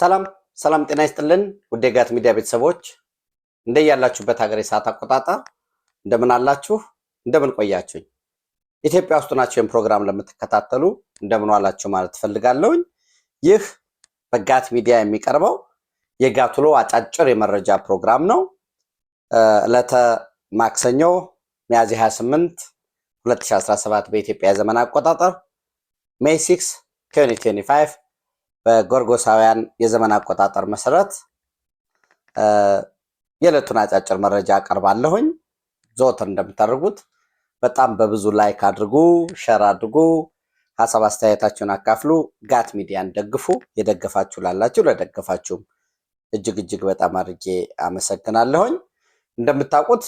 ሰላም ሰላም፣ ጤና ይስጥልን ውድ የጋት ሚዲያ ቤተሰቦች ያላችሁበት ሀገር የሰዓት አቆጣጠር እንደምን አላችሁ? እንደምን ቆያችሁኝ? ኢትዮጵያ ውስጥ ናቸው ፕሮግራም ለምትከታተሉ እንደምን ዋላችሁ ማለት ትፈልጋለሁኝ። ይህ በጋት ሚዲያ የሚቀርበው የጋቱሎ አጫጭር የመረጃ ፕሮግራም ነው። ዕለተ ማክሰኞ ሚያዝያ 28 2017 በኢትዮጵያ ዘመን አቆጣጠር ሜይ 6 2025 በጎርጎሳውያን የዘመን አቆጣጠር መሰረት የዕለቱን አጫጭር መረጃ አቀርባለሁኝ። ዘወትር እንደምታደርጉት በጣም በብዙ ላይክ አድርጉ፣ ሸር አድርጉ፣ ሀሳብ አስተያየታችሁን አካፍሉ፣ ጋት ሚዲያን ደግፉ። የደገፋችሁ ላላችሁ ለደገፋችሁም እጅግ እጅግ በጣም አድርጌ አመሰግናለሁኝ። እንደምታውቁት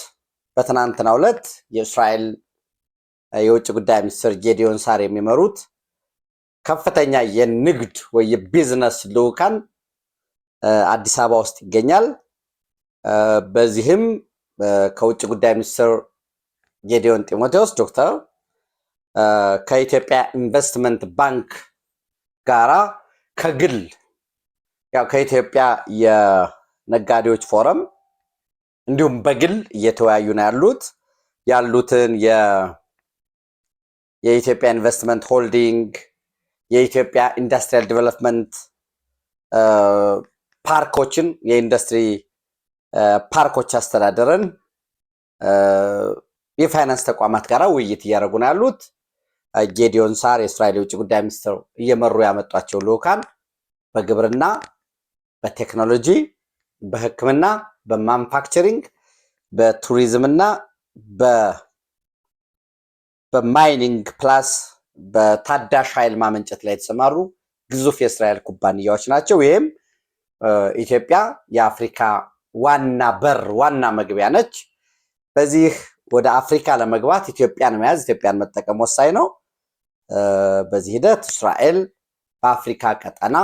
በትናንትናው ዕለት የእስራኤል የውጭ ጉዳይ ሚኒስትር ጌዲዮን ሳር የሚመሩት ከፍተኛ የንግድ ወይ የቢዝነስ ልዑካን አዲስ አበባ ውስጥ ይገኛል። በዚህም ከውጭ ጉዳይ ሚኒስትር ጌዲዮን ጢሞቴዎስ ዶክተር ከኢትዮጵያ ኢንቨስትመንት ባንክ ጋራ ከግል ያው ከኢትዮጵያ የነጋዴዎች ፎረም እንዲሁም በግል እየተወያዩ ነው ያሉት ያሉትን የኢትዮጵያ ኢንቨስትመንት ሆልዲንግ የኢትዮጵያ ኢንዱስትሪያል ዲቨሎፕመንት ፓርኮችን የኢንዱስትሪ ፓርኮች አስተዳደርን የፋይናንስ ተቋማት ጋር ውይይት እያደረጉ ነው ያሉት። ጌዲዮን ሳር የእስራኤል የውጭ ጉዳይ ሚኒስትር እየመሩ ያመጧቸው ልዑካን በግብርና፣ በቴክኖሎጂ፣ በሕክምና፣ በማኑፋክቸሪንግ፣ በቱሪዝም በማይኒንግ ፕላስ በታዳሽ ኃይል ማመንጨት ላይ የተሰማሩ ግዙፍ የእስራኤል ኩባንያዎች ናቸው። ይህም ኢትዮጵያ የአፍሪካ ዋና በር ዋና መግቢያ ነች። በዚህ ወደ አፍሪካ ለመግባት ኢትዮጵያን መያዝ ኢትዮጵያን መጠቀም ወሳኝ ነው። በዚህ ሂደት እስራኤል በአፍሪካ ቀጠና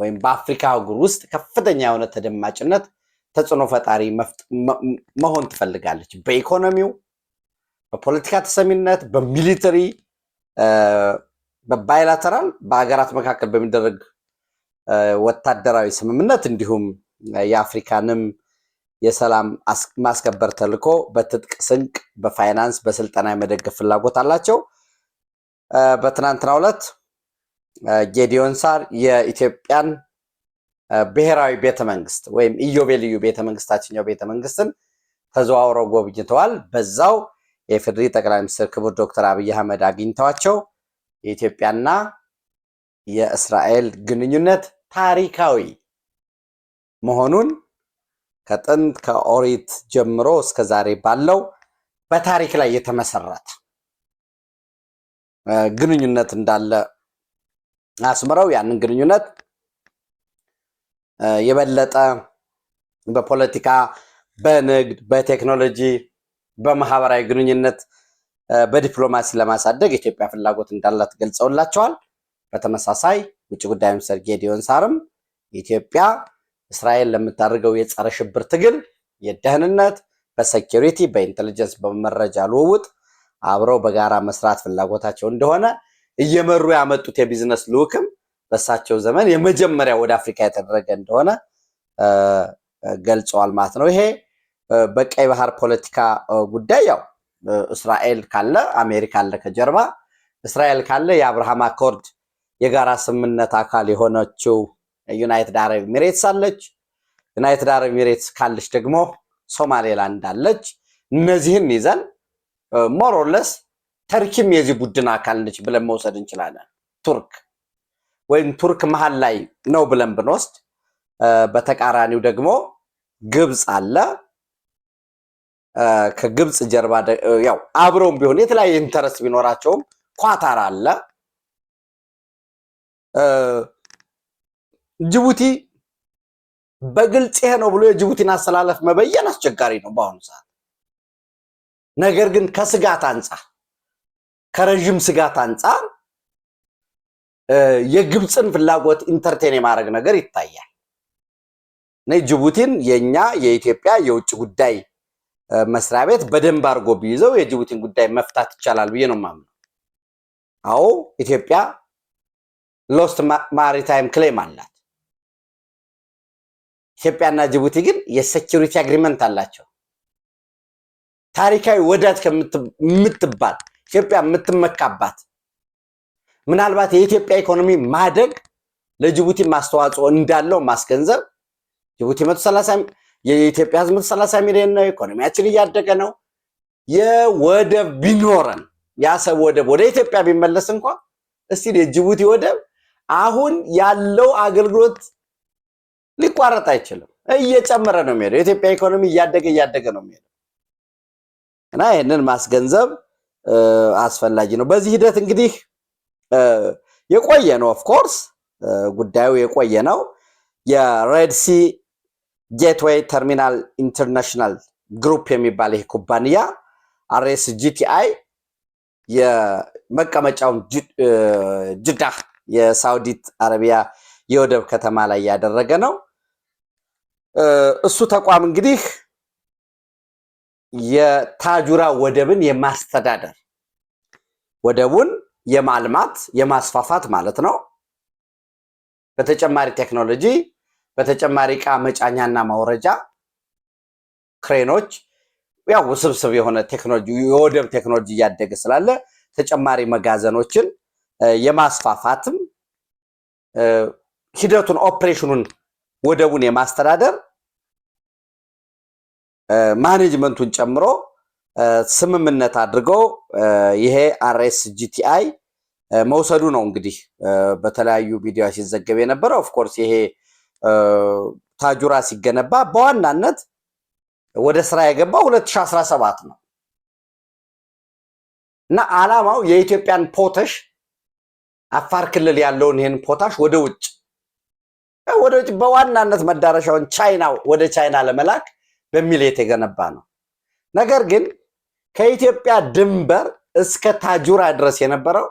ወይም በአፍሪካ አህጉር ውስጥ ከፍተኛ የሆነ ተደማጭነት፣ ተጽዕኖ ፈጣሪ መሆን ትፈልጋለች። በኢኮኖሚው፣ በፖለቲካ ተሰሚነት፣ በሚሊተሪ በባይላተራል በሀገራት መካከል በሚደረግ ወታደራዊ ስምምነት እንዲሁም የአፍሪካንም የሰላም ማስከበር ተልዕኮ በትጥቅ ስንቅ፣ በፋይናንስ፣ በስልጠና የመደገፍ ፍላጎት አላቸው። በትናንትናው ዕለት ጌዲዮን ሳር የኢትዮጵያን ብሔራዊ ቤተመንግስት ወይም ኢዮቤልዩ ቤተመንግስት ታችኛው ቤተመንግስትን ተዘዋውረው ጎብኝተዋል። በዛው የኢፌዴሪ ጠቅላይ ሚኒስትር ክቡር ዶክተር አብይ አህመድ አግኝተዋቸው የኢትዮጵያና የእስራኤል ግንኙነት ታሪካዊ መሆኑን ከጥንት ከኦሪት ጀምሮ እስከ ዛሬ ባለው በታሪክ ላይ የተመሰረተ ግንኙነት እንዳለ አስምረው ያንን ግንኙነት የበለጠ በፖለቲካ፣ በንግድ፣ በቴክኖሎጂ በማህበራዊ ግንኙነት፣ በዲፕሎማሲ ለማሳደግ ኢትዮጵያ ፍላጎት እንዳላት ገልጸውላቸዋል። በተመሳሳይ ውጭ ጉዳይ ሚኒስትር ጌዲዮን ሳርም ኢትዮጵያ እስራኤል ለምታደርገው የጸረ ሽብር ትግል የደህንነት፣ በሴኪሪቲ፣ በኢንቴሊጀንስ፣ በመረጃ ልውውጥ አብረው በጋራ መስራት ፍላጎታቸው እንደሆነ እየመሩ ያመጡት የቢዝነስ ልውክም በእሳቸው ዘመን የመጀመሪያ ወደ አፍሪካ የተደረገ እንደሆነ ገልጸዋል ማለት ነው። ይሄ በቀይ ባህር ፖለቲካ ጉዳይ ያው እስራኤል ካለ አሜሪካ አለ ከጀርባ እስራኤል ካለ የአብርሃም አኮርድ የጋራ ስምምነት አካል የሆነችው ዩናይትድ አረብ ኤሚሬትስ አለች። ዩናይትድ አረብ ኤሚሬትስ ካለች ደግሞ ሶማሌላንድ አለች። እነዚህን ይዘን ሞሮለስ ተርኪም የዚህ ቡድን አካል ነች ብለን መውሰድ እንችላለን። ቱርክ ወይም ቱርክ መሀል ላይ ነው ብለን ብንወስድ፣ በተቃራኒው ደግሞ ግብፅ አለ። ከግብፅ ጀርባ ያው አብረውም ቢሆን የተለያየ ኢንተረስት ቢኖራቸውም ኳታር አለ። ጅቡቲ በግልጽ ይሄ ነው ብሎ የጅቡቲን አስተላለፍ መበየን አስቸጋሪ ነው በአሁኑ ሰዓት። ነገር ግን ከስጋት አንጻር ከረዥም ስጋት አንጻር የግብፅን ፍላጎት ኢንተርቴን የማድረግ ነገር ይታያል። ጅቡቲን የኛ የኢትዮጵያ የውጭ ጉዳይ መስሪያ ቤት በደንብ አድርጎ ቢይዘው የጅቡቲን ጉዳይ መፍታት ይቻላል ብዬ ነው የማምነው። አዎ ኢትዮጵያ ሎስት ማሪታይም ክሌም አላት። ኢትዮጵያና ጅቡቲ ግን የሴኪሪቲ አግሪመንት አላቸው። ታሪካዊ ወዳጅ ከምትባል ኢትዮጵያ የምትመካባት ምናልባት የኢትዮጵያ ኢኮኖሚ ማደግ ለጅቡቲ ማስተዋጽኦ እንዳለው ማስገንዘብ ጅቡቲ መቶ ሰላሳ የኢትዮጵያ ህዝብ ሰላሳ ሚሊዮን ነው። ኢኮኖሚያችን እያደገ ነው። የወደብ ቢኖረን የአሰብ ወደብ ወደ ኢትዮጵያ ቢመለስ እንኳ እስቲ የጅቡቲ ወደብ አሁን ያለው አገልግሎት ሊቋረጥ አይችልም። እየጨመረ ነው የሚሄደው። የኢትዮጵያ ኢኮኖሚ እያደገ እያደገ ነው የሚሄደው እና ይህንን ማስገንዘብ አስፈላጊ ነው። በዚህ ሂደት እንግዲህ የቆየ ነው ኦፍኮርስ ጉዳዩ የቆየ ነው የሬድ ሲ ጌትዌይ ተርሚናል ኢንተርናሽናል ግሩፕ የሚባል ይህ ኩባንያ አርኤስ ጂቲአይ የመቀመጫውን ጅዳ የሳውዲት አረቢያ የወደብ ከተማ ላይ ያደረገ ነው። እሱ ተቋም እንግዲህ የታጁራ ወደብን የማስተዳደር ወደቡን የማልማት የማስፋፋት ማለት ነው። በተጨማሪ ቴክኖሎጂ በተጨማሪ እቃ መጫኛና ማውረጃ ክሬኖች፣ ያው ውስብስብ የሆነ ቴክኖሎጂ የወደብ ቴክኖሎጂ እያደገ ስላለ ተጨማሪ መጋዘኖችን የማስፋፋትም ሂደቱን ኦፕሬሽኑን ወደቡን የማስተዳደር ማኔጅመንቱን ጨምሮ ስምምነት አድርገው ይሄ አርኤስ ጂቲአይ መውሰዱ ነው እንግዲህ በተለያዩ ሚዲያዎች ሲዘገብ የነበረ ኦፍኮርስ ይሄ ታጁራ ሲገነባ በዋናነት ወደ ስራ የገባው 2017 ነው እና አላማው የኢትዮጵያን ፖተሽ አፋር ክልል ያለውን ይህን ፖታሽ ወደ ውጭ ወደ ውጭ በዋናነት መዳረሻውን ቻይና ወደ ቻይና ለመላክ በሚል የተገነባ ነው። ነገር ግን ከኢትዮጵያ ድንበር እስከ ታጁራ ድረስ የነበረው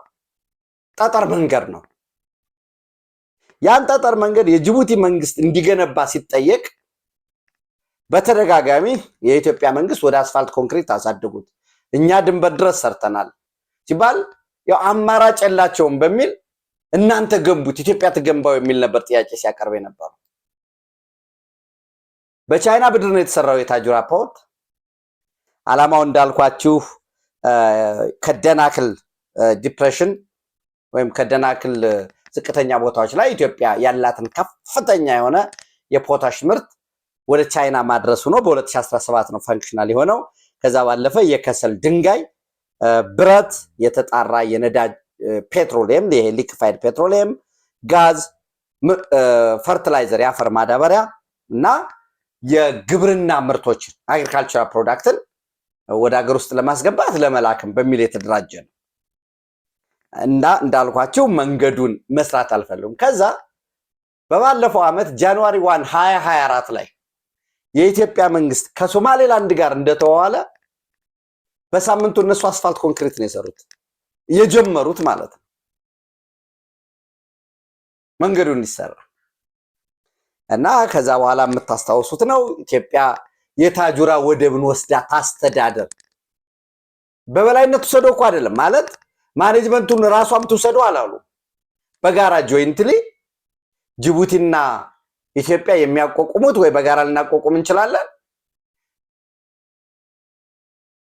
ጠጠር መንገድ ነው። ያን ጠጠር መንገድ የጅቡቲ መንግስት እንዲገነባ ሲጠየቅ በተደጋጋሚ የኢትዮጵያ መንግስት ወደ አስፋልት ኮንክሪት አሳድጉት፣ እኛ ድንበር ድረስ ሰርተናል ሲባል ያው አማራጭ የላቸውም በሚል እናንተ ገንቡት፣ ኢትዮጵያ ትገንባው የሚል ነበር ጥያቄ ሲያቀርብ የነበሩ። በቻይና ብድር ነው የተሰራው የታጁራ ፖርት። አላማው እንዳልኳችሁ ከደናክል ዲፕሬሽን ወይም ከደናክል ዝቅተኛ ቦታዎች ላይ ኢትዮጵያ ያላትን ከፍተኛ የሆነ የፖታሽ ምርት ወደ ቻይና ማድረሱ ነው። በ2017 ነው ፋንክሽናል የሆነው። ከዛ ባለፈ የከሰል ድንጋይ፣ ብረት፣ የተጣራ የነዳጅ ፔትሮሊየም፣ ይሄ ሊክፋይድ ፔትሮሊየም፣ ጋዝ፣ ፈርትላይዘር፣ የአፈር ማዳበሪያ እና የግብርና ምርቶችን አግሪካልቸራል ፕሮዳክትን ወደ ሀገር ውስጥ ለማስገባት ለመላክም በሚል የተደራጀ ነው። እና እንዳልኳቸው መንገዱን መስራት አልፈለጉም። ከዛ በባለፈው ዓመት ጃንዋሪ ዋን 2024 ላይ የኢትዮጵያ መንግስት ከሶማሌላንድ ጋር እንደተዋዋለ በሳምንቱ እነሱ አስፋልት ኮንክሪት ነው የሰሩት የጀመሩት ማለት ነው። መንገዱን እንዲሰራ እና ከዛ በኋላ የምታስታውሱት ነው ኢትዮጵያ የታጁራ ወደብን ወስዳ ታስተዳደር በበላይነት ውሰዶ እኮ አይደለም ማለት ማኔጅመንቱን ራሷም ትውሰዱ አላሉ። በጋራ ጆይንትሊ ጅቡቲና ኢትዮጵያ የሚያቋቁሙት ወይ በጋራ ልናቋቁም እንችላለን።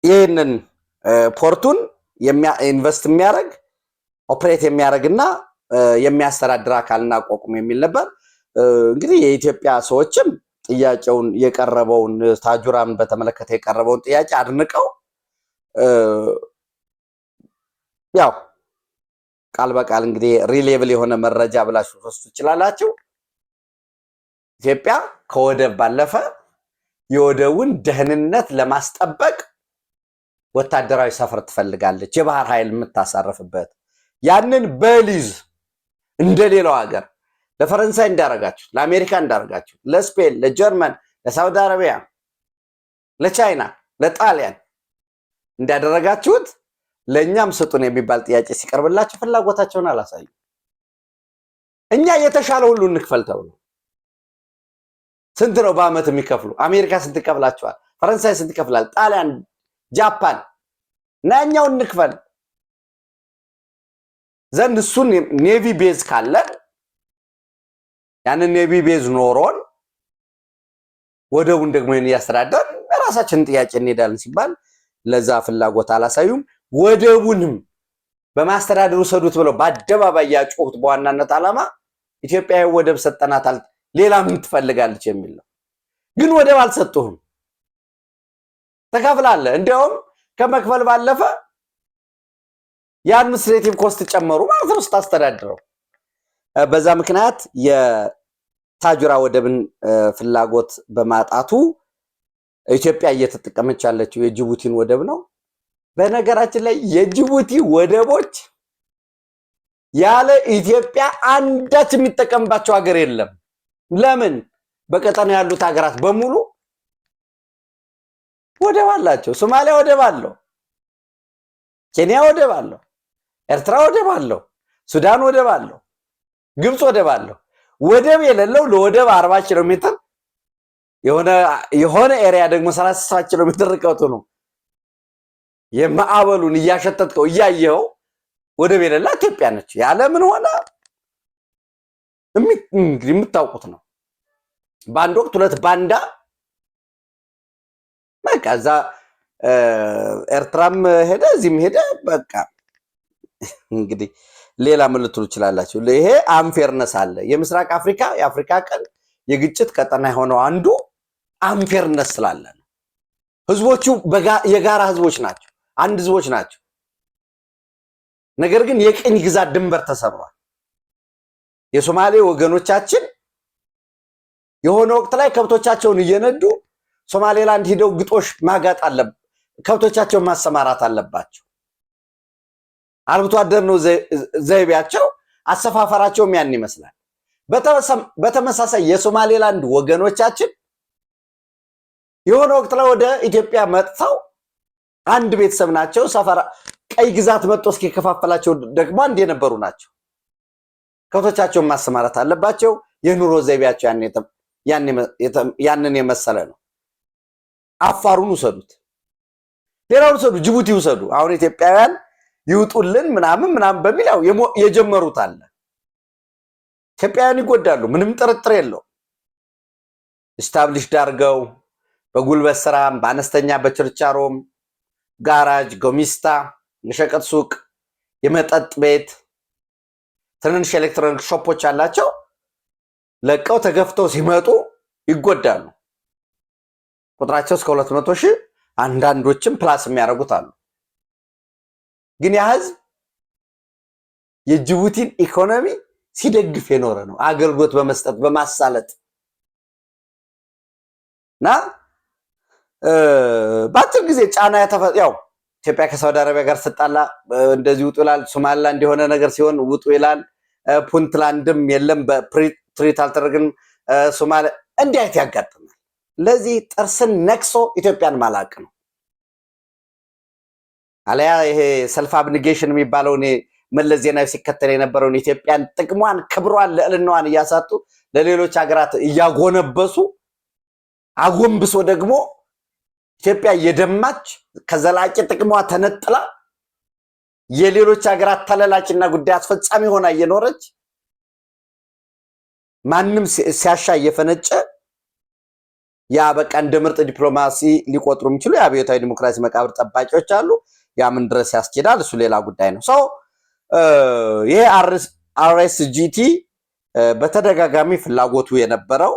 ይህንን ፖርቱን ኢንቨስት የሚያደርግ ኦፕሬት የሚያደርግ እና የሚያስተዳድር አካል እናቋቁም የሚል ነበር። እንግዲህ የኢትዮጵያ ሰዎችም ጥያቄውን የቀረበውን ታጁራን በተመለከተ የቀረበውን ጥያቄ አድንቀው ያው ቃል በቃል እንግዲህ ሪሌብል የሆነ መረጃ ብላችሁ ትወስዱ ትችላላችሁ። ኢትዮጵያ ከወደብ ባለፈ የወደቡን ደህንነት ለማስጠበቅ ወታደራዊ ሰፈር ትፈልጋለች፣ የባህር ኃይል የምታሳርፍበት ያንን በሊዝ እንደሌላው ሀገር ለፈረንሳይ እንዳረጋችሁ፣ ለአሜሪካ እንዳረጋችሁ፣ ለስፔን፣ ለጀርመን፣ ለሳውዲ አረቢያ፣ ለቻይና፣ ለጣሊያን እንዳደረጋችሁት ለእኛም ስጡን የሚባል ጥያቄ ሲቀርብላቸው ፍላጎታቸውን አላሳዩ። እኛ የተሻለ ሁሉ እንክፈል ተብሎ ስንት ነው በአመት የሚከፍሉ? አሜሪካ ስንት ይከፍላቸዋል? ፈረንሳይ ስንት ይከፍላል? ጣሊያን፣ ጃፓን እና እኛው እንክፈል ዘንድ እሱን ኔቪ ቤዝ ካለን ያንን ኔቪ ቤዝ ኖሮን ወደቡን ደግሞ እያስተዳደር በራሳችንን ጥያቄ እንሄዳለን ሲባል ለዛ ፍላጎት አላሳዩም። ወደቡንም በማስተዳደሩ ሰዱት ብለው በአደባባይ ያጮሁት በዋናነት ዓላማ ኢትዮጵያ ወደብ ሰጠናታል፣ ሌላ ምን ትፈልጋለች የሚል ነው። ግን ወደብ አልሰጡህም፣ ተካፍላለህ። እንዲያውም ከመክፈል ባለፈ የአድሚኒስትሬቲቭ ኮስት ጨመሩ ማለት ነው ስታስተዳድረው። በዛ ምክንያት የታጁራ ወደብን ፍላጎት በማጣቱ ኢትዮጵያ እየተጠቀመች ያለችው የጅቡቲን ወደብ ነው። በነገራችን ላይ የጅቡቲ ወደቦች ያለ ኢትዮጵያ አንዳች የሚጠቀምባቸው ሀገር የለም። ለምን? በቀጠናው ያሉት ሀገራት በሙሉ ወደብ አላቸው። ሶማሊያ ወደብ አለው፣ ኬንያ ወደብ አለው፣ ኤርትራ ወደብ አለው፣ ሱዳን ወደብ አለው፣ ግብፅ ወደብ አለው። ወደብ የሌለው ለወደብ አርባ ኪሎ ሜትር የሆነ ኤሪያ ደግሞ ሰላሳ ሰባት ኪሎ ሜትር ርቀቱ ነው። የማዕበሉን እያሸተትከው እያየኸው ወደ ቤለላ ኢትዮጵያ ነች ያለ ምን ሆነ እንግዲህ የምታውቁት ነው። በአንድ ወቅት ሁለት ባንዳ በቃ እዛ ኤርትራም ሄደ እዚህም ሄደ። በቃ እንግዲህ ሌላ ምን ልትሉ ይችላላችሁ። ይሄ አንፌርነስ አለ። የምስራቅ አፍሪካ የአፍሪካ ቀን የግጭት ቀጠና የሆነው አንዱ አንፌርነስ ስላለ ነው። ህዝቦቹ የጋራ ህዝቦች ናቸው። አንድ ህዝቦች ናቸው። ነገር ግን የቅኝ ግዛት ድንበር ተሰብሯል። የሶማሌ ወገኖቻችን የሆነ ወቅት ላይ ከብቶቻቸውን እየነዱ ሶማሌላንድ ሂደው ግጦሽ ማጋጥ አለ፣ ከብቶቻቸውን ማሰማራት አለባቸው። አርብቶ አደር ነው ዘይቤያቸው፣ አሰፋፈራቸውም ያን ይመስላል። በተመሳሳይ የሶማሌላንድ ወገኖቻችን የሆነ ወቅት ላይ ወደ ኢትዮጵያ መጥተው አንድ ቤተሰብ ናቸው። ሰፈር ቀይ ግዛት መጥቶ እስኪከፋፈላቸው ደግሞ አንድ የነበሩ ናቸው። ከብቶቻቸውን ማሰማራት አለባቸው። የኑሮ ዘይቤያቸው ያንን የመሰለ ነው። አፋሩን ውሰዱት፣ ሌላውን ውሰዱ፣ ጅቡቲ ውሰዱ። አሁን ኢትዮጵያውያን ይውጡልን ምናምን ምናምን በሚል ያው የጀመሩት አለ። ኢትዮጵያውያን ይጎዳሉ፣ ምንም ጥርጥር የለውም። ስታብሊሽ ዳርገው በጉልበት ስራም በአነስተኛ በችርቻሮም ጋራጅ፣ ጎሚስታ፣ የሸቀጥ ሱቅ፣ የመጠጥ ቤት፣ ትንንሽ ኤሌክትሮኒክ ሾፖች አላቸው ለቀው ተገፍተው ሲመጡ ይጎዳሉ። ቁጥራቸው እስከ ሁለት መቶ ሺህ አንዳንዶችም ፕላስ የሚያደርጉት አሉ። ግን ያ ህዝብ የጅቡቲን ኢኮኖሚ ሲደግፍ የኖረ ነው። አገልግሎት በመስጠት በማሳለጥ እና በአጭር ጊዜ ጫና ያው ኢትዮጵያ ከሳውዲ አረቢያ ጋር ስጣላ እንደዚህ ውጡ ይላል። ሶማሊላንድ የሆነ ነገር ሲሆን ውጡ ይላል። ፑንትላንድም የለም በትሪት አልተደረግም። ሶማሊ እንዲህ አይነት ያጋጥማል። ለዚህ ጥርስን ነክሶ ኢትዮጵያን ማላቅ ነው። አለያ ይሄ ሰልፍ አብኒጌሽን የሚባለው መለስ ዜናዊ ሲከተል የነበረውን ኢትዮጵያን ጥቅሟን፣ ክብሯን፣ ልዕልናዋን እያሳጡ ለሌሎች ሀገራት እያጎነበሱ አጎንብሶ ደግሞ ኢትዮጵያ የደማች ከዘላቂ ጥቅሟ ተነጥላ የሌሎች ሀገራት ተለላጭና ጉዳይ አስፈጻሚ ሆና እየኖረች ማንም ሲያሻ እየፈነጨ ያ በቃ እንደ ምርጥ ዲፕሎማሲ ሊቆጥሩ የሚችሉ የአብዮታዊ ዲሞክራሲ መቃብር ጠባቂዎች አሉ። ያ ምን ድረስ ያስኬዳል? እሱ ሌላ ጉዳይ ነው። ሰው ይሄ አርኤስጂቲ በተደጋጋሚ ፍላጎቱ የነበረው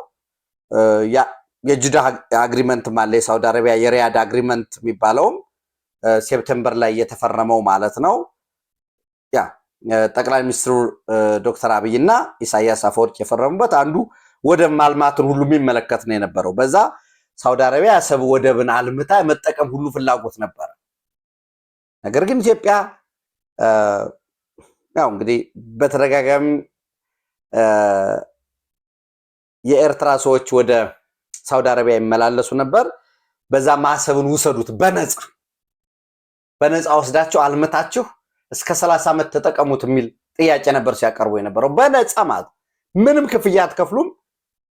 የጁዳ አግሪመንትም አለ። የሳውዲ አረቢያ የሪያድ አግሪመንት የሚባለውም ሴፕተምበር ላይ የተፈረመው ማለት ነው። ያ ጠቅላይ ሚኒስትሩ ዶክተር አብይና ኢሳያስ አፈወርቅ የፈረሙበት አንዱ ወደብ ማልማትን ሁሉ የሚመለከት ነው የነበረው። በዛ ሳውዲ አረቢያ አሰብ ወደብን አልምታ መጠቀም ሁሉ ፍላጎት ነበረ። ነገር ግን ኢትዮጵያ ያው እንግዲህ በተደጋጋሚ የኤርትራ ሰዎች ወደ ሳውዲ አረቢያ ይመላለሱ ነበር። በዛ ማሰብን ውሰዱት፣ በነፃ በነፃ ወስዳችሁ አልምታችሁ እስከ ሰላሳ ዓመት ተጠቀሙት የሚል ጥያቄ ነበር ሲያቀርቡ የነበረው። በነፃ ማለት ምንም ክፍያ አትከፍሉም።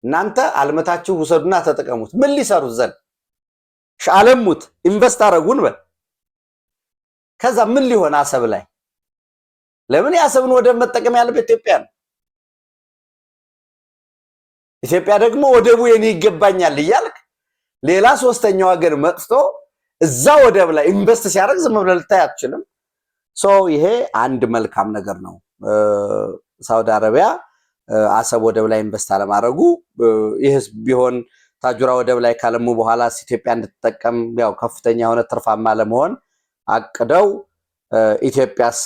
እናንተ አልምታችሁ ውሰዱና ተጠቀሙት። ምን ሊሰሩት ዘንድ ሻለሙት፣ ኢንቨስት አረጉን በል ከዛ ምን ሊሆን አሰብ ላይ ለምን የአሰብን ወደብ መጠቀም ያለበት ኢትዮጵያ ነው። ኢትዮጵያ ደግሞ ወደቡ የኔ ይገባኛል እያልክ ሌላ ሶስተኛው ሀገር መጥቶ እዛ ወደብ ላይ ኢንቨስት ሲያደርግ ዝም ብለህ ልታይ አትችልም። ሶ ይሄ አንድ መልካም ነገር ነው። ሳውዲ አረቢያ አሰብ ወደብ ላይ ኢንቨስት አለማድረጉ ይህስ ቢሆን ታጁራ ወደብ ላይ ካለሙ በኋላ ኢትዮጵያ እንድትጠቀም ያው ከፍተኛ የሆነ ትርፋማ ለመሆን አቅደው ኢትዮጵያስ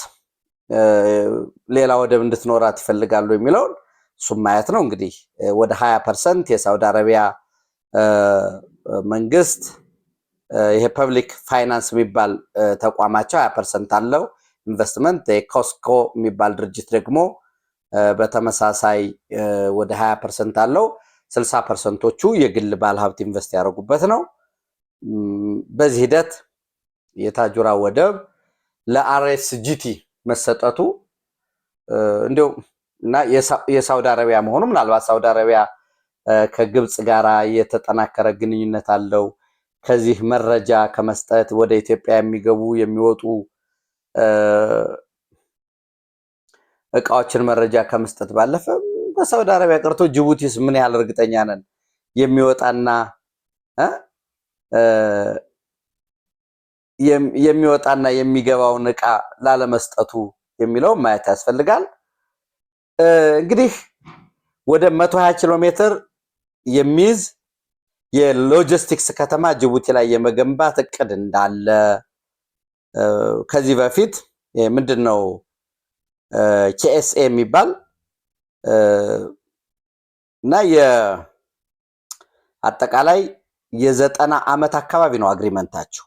ሌላ ወደብ እንድትኖራት ይፈልጋሉ የሚለውን እሱም ማየት ነው እንግዲህ ወደ 20 ፐርሰንት የሳውዲ አረቢያ መንግስት ይሄ ፐብሊክ ፋይናንስ የሚባል ተቋማቸው 20 ፐርሰንት አለው ኢንቨስትመንት። ኮስኮ የሚባል ድርጅት ደግሞ በተመሳሳይ ወደ 20 ፐርሰንት አለው። 60 ፐርሰንቶቹ የግል ባለሀብት ኢንቨስት ያደረጉበት ነው። በዚህ ሂደት የታጁራ ወደብ ለአርኤስጂቲ መሰጠቱ እንዲሁም እና የሳውዲ አረቢያ መሆኑ ምናልባት ሳውዲ አረቢያ ከግብፅ ጋር የተጠናከረ ግንኙነት አለው። ከዚህ መረጃ ከመስጠት ወደ ኢትዮጵያ የሚገቡ የሚወጡ እቃዎችን መረጃ ከመስጠት ባለፈ በሳውዲ አረቢያ ቀርቶ ጅቡቲስ ምን ያህል እርግጠኛ ነን የሚወጣና የሚወጣና የሚገባውን እቃ ላለመስጠቱ የሚለው ማየት ያስፈልጋል። እንግዲህ ወደ 120 ኪሎ ሜትር የሚይዝ የሎጂስቲክስ ከተማ ጅቡቲ ላይ የመገንባት እቅድ እንዳለ ከዚህ በፊት ምንድን ነው ኬኤስኤ የሚባል እና አጠቃላይ የዘጠና ዓመት አካባቢ ነው አግሪመንታቸው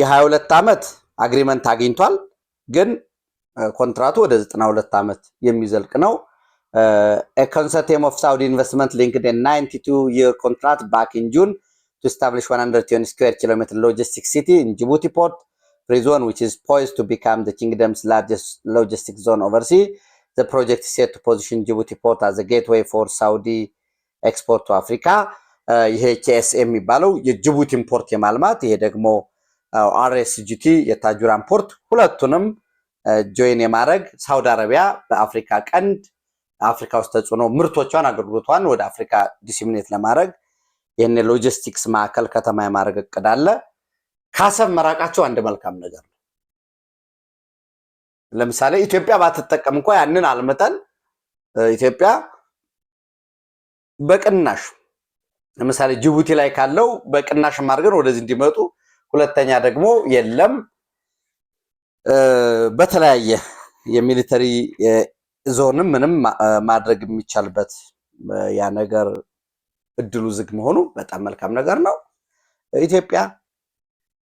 የሀያ ሁለት ዓመት አግሪመንት አግኝቷል። ግን ኮንትራቱ ወደ 92 ዓመት የሚዘልቅ ነው። ኮንሰርቴም ኦፍ ሳውዲ ኢንቨስትመንት ሊንክድ 92 የር ኮንትራት ባክ ኢን ጁን ቱ ስታብሊሽ 120 ስኩዌር ኪሎ ሜትር ሎጂስቲክ ሲቲ ኢን ጅቡቲ ፖርት ፍሪ ዞን ዊች ኢዝ ፖይዝ ቱ ቢካም ዘ ኪንግደምስ ላርጀስት ሎጂስቲክ ዞን ኦቨርሲ ዘ ፕሮጀክት ሴት ቱ ፖዚሽን ጅቡቲ ፖርት አዘ ጌትዌይ ፎር ሳውዲ ኤክስፖርት ቱ አፍሪካ። ይሄ ኬኤስ የሚባለው የጅቡቲን ፖርት የማልማት ይሄ ደግሞ አርኤስጂቲ የታጁራን ፖርት ሁለቱንም ጆይን የማድረግ ሳውዲ አረቢያ በአፍሪካ ቀንድ አፍሪካ ውስጥ ተጽዕኖ ምርቶቿን አገልግሎቷን ወደ አፍሪካ ዲሲሚኔት ለማድረግ ይህን የሎጂስቲክስ ማዕከል ከተማ የማድረግ እቅድ አለ። ካሰብ መራቃቸው አንድ መልካም ነገር ነው። ለምሳሌ ኢትዮጵያ ባትጠቀም እንኳ ያንን አልመጠን ኢትዮጵያ በቅናሽ ለምሳሌ ጅቡቲ ላይ ካለው በቅናሽ ማድርገን ወደዚህ እንዲመጡ ሁለተኛ ደግሞ የለም በተለያየ የሚሊተሪ ዞንም ምንም ማድረግ የሚቻልበት ያ ነገር እድሉ ዝግ መሆኑ በጣም መልካም ነገር ነው። ኢትዮጵያ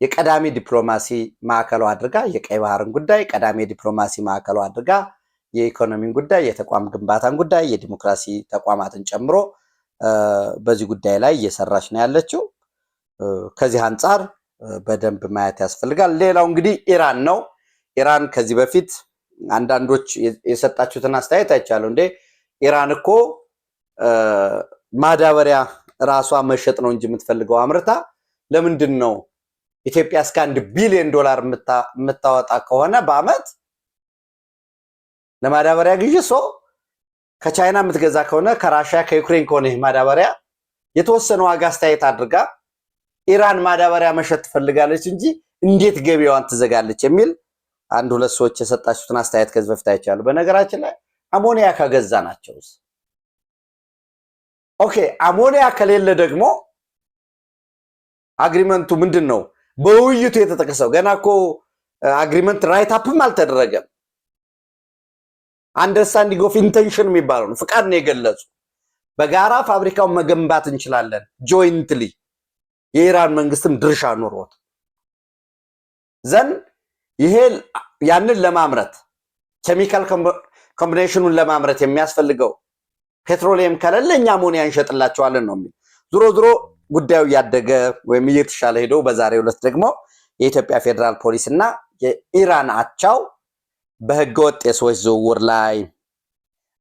የቀዳሚ ዲፕሎማሲ ማዕከሉ አድርጋ የቀይ ባህርን ጉዳይ ቀዳሚ ዲፕሎማሲ ማዕከሉ አድርጋ የኢኮኖሚን ጉዳይ፣ የተቋም ግንባታን ጉዳይ፣ የዲሞክራሲ ተቋማትን ጨምሮ በዚህ ጉዳይ ላይ እየሰራች ነው ያለችው። ከዚህ አንጻር በደንብ ማየት ያስፈልጋል። ሌላው እንግዲህ ኢራን ነው። ኢራን ከዚህ በፊት አንዳንዶች የሰጣችሁትን አስተያየት አይቻለሁ። እንዴ ኢራን እኮ ማዳበሪያ ራሷ መሸጥ ነው እንጂ የምትፈልገው አምርታ ለምንድን ነው ኢትዮጵያ እስከ አንድ ቢሊዮን ዶላር የምታወጣ ከሆነ በአመት ለማዳበሪያ ግዢ ሰው ከቻይና የምትገዛ ከሆነ ከራሻ ከዩክሬን ከሆነ ይህ ማዳበሪያ የተወሰነ ዋጋ አስተያየት አድርጋ ኢራን ማዳበሪያ መሸጥ ትፈልጋለች እንጂ እንዴት ገቢዋን ትዘጋለች የሚል አንድ ሁለት ሰዎች የሰጣችሁትን አስተያየት ከዚህ በፊት አይቻሉ። በነገራችን ላይ አሞኒያ ከገዛ ናቸው ኦኬ አሞኒያ ከሌለ ደግሞ አግሪመንቱ ምንድን ነው? በውይይቱ የተጠቀሰው ገና እኮ አግሪመንት ራይት አፕም አልተደረገም። አንደርስታንዲንግ ኦፍ ኢንቴንሽን የሚባለው ነው። ፍቃድ ነው የገለጹ። በጋራ ፋብሪካውን መገንባት እንችላለን ጆይንትሊ የኢራን መንግስትም ድርሻ ኑሮት ዘንድ ይሄ ያንን ለማምረት ኬሚካል ኮምቢኔሽኑን ለማምረት የሚያስፈልገው ፔትሮሊየም ከሌለ እኛ አሞኒያ እንሸጥላቸዋለን ነው የሚል። ዞሮ ዞሮ ጉዳዩ እያደገ ወይም እየተሻለ ሄዶ በዛሬው ዕለት ደግሞ የኢትዮጵያ ፌዴራል ፖሊስ እና የኢራን አቻው በህገወጥ የሰዎች ዝውውር ላይ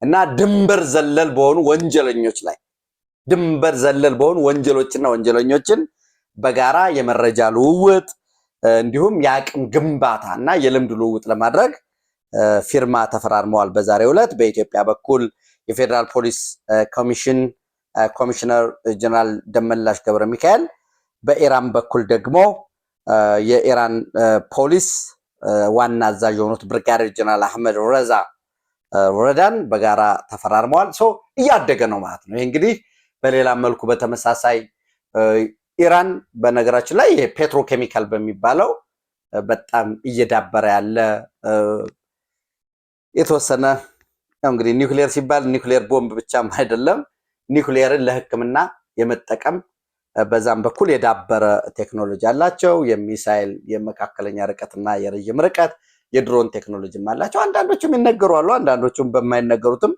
እና ድንበር ዘለል በሆኑ ወንጀለኞች ላይ ድንበር ዘለል በሆኑ ወንጀሎችና ወንጀለኞችን በጋራ የመረጃ ልውውጥ እንዲሁም የአቅም ግንባታ እና የልምድ ልውውጥ ለማድረግ ፊርማ ተፈራርመዋል። በዛሬው ዕለት በኢትዮጵያ በኩል የፌዴራል ፖሊስ ኮሚሽን ኮሚሽነር ጀነራል ደመላሽ ገብረ ሚካኤል፣ በኢራን በኩል ደግሞ የኢራን ፖሊስ ዋና አዛዥ የሆኑት ብርጋዴር ጀነራል አህመድ ረዛ ወረዳን በጋራ ተፈራርመዋል። እያደገ ነው ማለት ነው። ይህ እንግዲህ በሌላ መልኩ በተመሳሳይ ኢራን በነገራችን ላይ ፔትሮ ኬሚካል በሚባለው በጣም እየዳበረ ያለ የተወሰነ እንግዲህ ኒውክሌር ሲባል ኒውክሌር ቦምብ ብቻም አይደለም፣ ኒውክሌርን ለሕክምና የመጠቀም በዛም በኩል የዳበረ ቴክኖሎጂ አላቸው። የሚሳይል የመካከለኛ ርቀትና የረዥም ርቀት የድሮን ቴክኖሎጂም አላቸው። አንዳንዶቹም ይነገሩ አሉ፣ አንዳንዶቹም በማይነገሩትም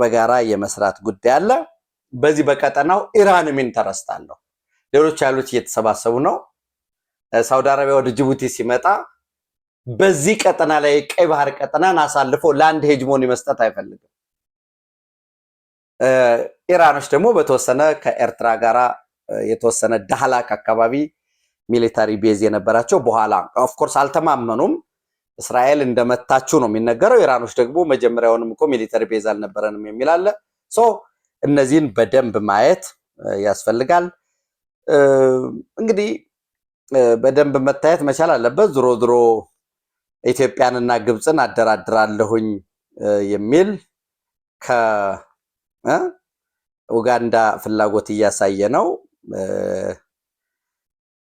በጋራ የመስራት ጉዳይ አለ። በዚህ በቀጠናው ኢራን ኢንተረስት አለው። ሌሎች ኃይሎች እየተሰባሰቡ ነው። ሳውዲ አረቢያ ወደ ጅቡቲ ሲመጣ በዚህ ቀጠና ላይ ቀይ ባህር ቀጠናን አሳልፎ ለአንድ ሄጅሞኒ መስጠት አይፈልግም። ኢራኖች ደግሞ በተወሰነ ከኤርትራ ጋራ የተወሰነ ዳህላክ አካባቢ ሚሊታሪ ቤዝ የነበራቸው በኋላ ኦፍኮርስ አልተማመኑም። እስራኤል እንደመታችው ነው የሚነገረው። ኢራኖች ደግሞ መጀመሪያውንም እኮ ሚሊተሪ ቤዝ አልነበረንም የሚል አለ። እነዚህን በደንብ ማየት ያስፈልጋል። እንግዲህ በደንብ መታየት መቻል አለበት። ዝሮ ዝሮ ኢትዮጵያንና ግብፅን አደራድራለሁኝ የሚል ከኡጋንዳ ፍላጎት እያሳየ ነው።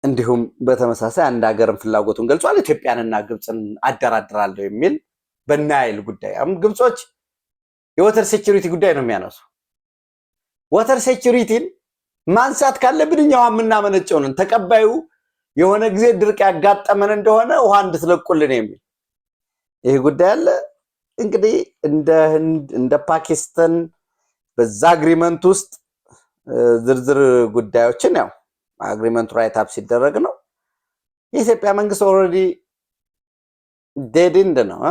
እንዲሁም በተመሳሳይ አንድ ሀገርን ፍላጎቱን ገልጿል። ኢትዮጵያንና ግብፅን አደራድራለሁ የሚል በናይል ጉዳይ ግብጾች የወተር ሴኪሪቲ ጉዳይ ነው የሚያነሱ ወተር ሴኪሪቲን ማንሳት ካለብን እኛው የምናመነጨው ነን። ተቀባዩ የሆነ ጊዜ ድርቅ ያጋጠመን እንደሆነ ውሃ እንድትለቁልን የሚል ይህ ጉዳይ አለ። እንግዲህ እንደ ህንድ እንደ ፓኪስታን በዛ አግሪመንት ውስጥ ዝርዝር ጉዳዮችን ያው አግሪመንቱ ራይት አፕ ሲደረግ ነው የኢትዮጵያ መንግስት ኦልሬዲ ዴድንድ ነው።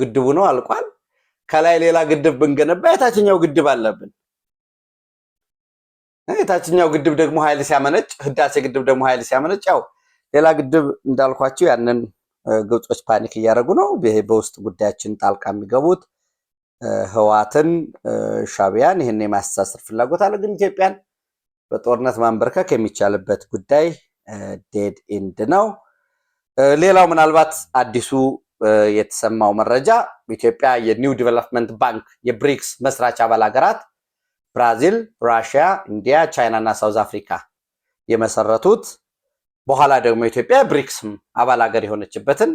ግድቡ ነው አልቋል። ከላይ ሌላ ግድብ ብንገነባ የታችኛው ግድብ አለብን። የታችኛው ግድብ ደግሞ ኃይል ሲያመነጭ፣ ህዳሴ ግድብ ደግሞ ኃይል ሲያመነጭ፣ ያው ሌላ ግድብ እንዳልኳቸው ያንን ግብጾች ፓኒክ እያደረጉ ነው። ይሄ በውስጥ ጉዳያችን ጣልቃ የሚገቡት ህዋትን ሻቢያን ይህን የማስተሳሰር ፍላጎት አለ። ግን ኢትዮጵያን በጦርነት ማንበርከክ የሚቻልበት ጉዳይ ዴድ ኢንድ ነው። ሌላው ምናልባት አዲሱ የተሰማው መረጃ ኢትዮጵያ የኒው ዲቨሎፕመንት ባንክ የብሪክስ መስራች አባል ሀገራት ብራዚል፣ ራሽያ፣ ኢንዲያ፣ ቻይና እና ሳውዝ አፍሪካ የመሰረቱት በኋላ ደግሞ ኢትዮጵያ ብሪክስም አባል ሀገር የሆነችበትን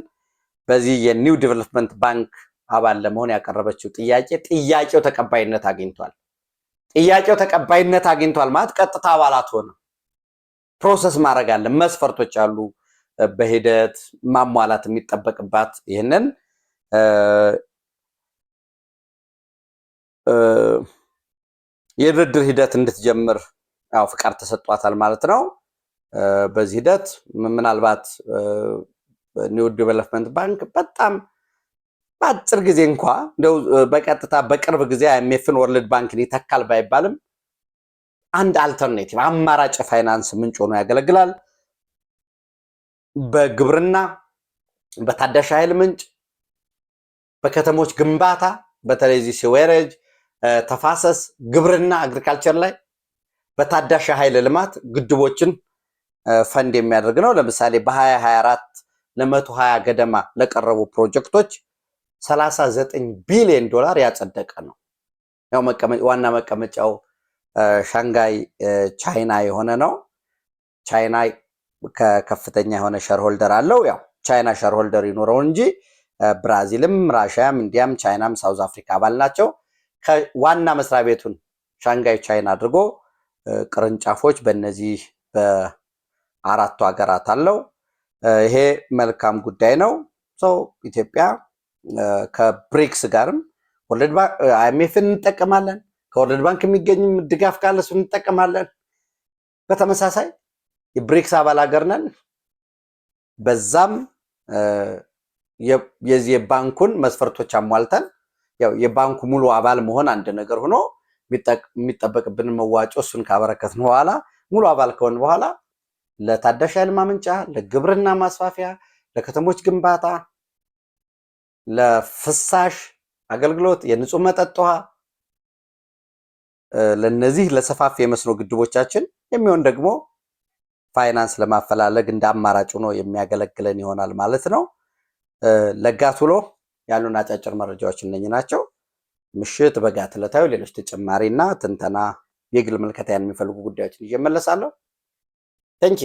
በዚህ የኒው ዲቨሎፕመንት ባንክ አባል ለመሆን ያቀረበችው ጥያቄ ጥያቄው ተቀባይነት አግኝቷል። ጥያቄው ተቀባይነት አግኝቷል ማለት ቀጥታ አባላት ሆነ። ፕሮሰስ ማድረግ አለ፣ መስፈርቶች አሉ፣ በሂደት ማሟላት የሚጠበቅባት ይህንን የድርድር ሂደት እንድትጀምር ያው ፍቃድ ተሰጧታል ማለት ነው። በዚህ ሂደት ምናልባት ኒው ዲቨሎፕመንት ባንክ በጣም በአጭር ጊዜ እንኳ እንደው በቀጥታ በቅርብ ጊዜ አይኤምኤፍን ወርልድ ባንክን ይተካል ባይባልም አንድ አልተርኔቲቭ አማራጭ ፋይናንስ ምንጭ ሆኖ ያገለግላል። በግብርና፣ በታዳሽ ኃይል ምንጭ፣ በከተሞች ግንባታ በተለይ እዚህ ሲዌሬጅ ተፋሰስ፣ ግብርና፣ አግሪካልቸር ላይ በታዳሽ ኃይል ልማት ግድቦችን ፈንድ የሚያደርግ ነው። ለምሳሌ በ2024 ለ120 ገደማ ለቀረቡ ፕሮጀክቶች 39 ቢሊዮን ዶላር ያጸደቀ ነው። ያው ዋና መቀመጫው ሻንጋይ ቻይና የሆነ ነው። ቻይና ከከፍተኛ የሆነ ሸርሆልደር አለው። ያው ቻይና ሸርሆልደር ይኖረው እንጂ ብራዚልም፣ ራሽያም፣ ኢንዲያም፣ ቻይናም ሳውዝ አፍሪካ አባል ናቸው። ዋና መስሪያ ቤቱን ሻንጋይ ቻይና አድርጎ ቅርንጫፎች በእነዚህ በአራቱ ሀገራት አለው። ይሄ መልካም ጉዳይ ነው። ሰው ኢትዮጵያ ከብሪክስ ጋርም ወርልድ ባንክ አይኤምኤፍን እንጠቀማለን። ከወርልድ ባንክ የሚገኝ ድጋፍ ካለ እሱን እንጠቀማለን። በተመሳሳይ የብሪክስ አባል ሀገር ነን። በዛም የዚህ የባንኩን መስፈርቶች አሟልተን ያው የባንኩ ሙሉ አባል መሆን አንድ ነገር ሆኖ የሚጠበቅብን መዋጮ እሱን ካበረከትን በኋላ ሙሉ አባል ከሆን በኋላ ለታዳሽ ኃይል ማመንጫ፣ ለግብርና ማስፋፊያ፣ ለከተሞች ግንባታ፣ ለፍሳሽ አገልግሎት፣ የንጹህ መጠጥ ውሃ ለነዚህ ለሰፋፊ የመስኖ ግድቦቻችን የሚሆን ደግሞ ፋይናንስ ለማፈላለግ እንደ አማራጭ ሆኖ የሚያገለግለን ይሆናል ማለት ነው። ለጋት ውሎ ያሉን አጫጭር መረጃዎች እነኚህ ናቸው። ምሽት በጋት ዕለታዊ ሌሎች ተጨማሪና ትንተና የግል ምልከታ የሚፈልጉ ጉዳዮችን እየመለሳለሁ። ተንኪ